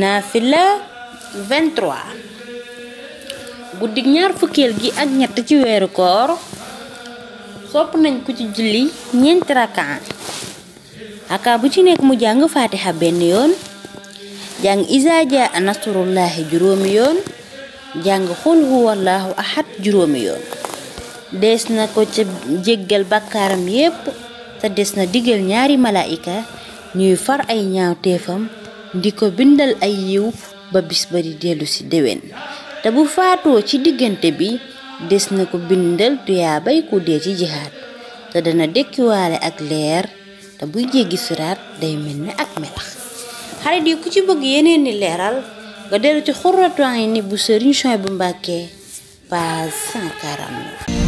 naafila 23 guddik ñaar fukkeel gi ak ñett ci weeru koor sopp nañ ku ci julli ñeenti rakaan aka bu ci nekk mu jàng faatiha benn yoon jàng izaa jaa juróomi yoon jàng xul huwallaahu ahad juróomi yoon des na ko ca jéggal bakkaaram yépp te des na digal ñaari malaayika ñuy far ay ñaawteefam di ko bindal ay yiw ba bis ba di dellu ci déwén te bu faatoo ci diggante bi des na ko bindal tuyaabay ku ci jihaad te dana dekkiwaale ak leer te buy jéggi siraat day mel ak melax xarit yi ku ci bëgg yeneen leeral nga dellu ci Xurratu Ayni bu Sëriñ Suhaybu bu Mbàkke page 149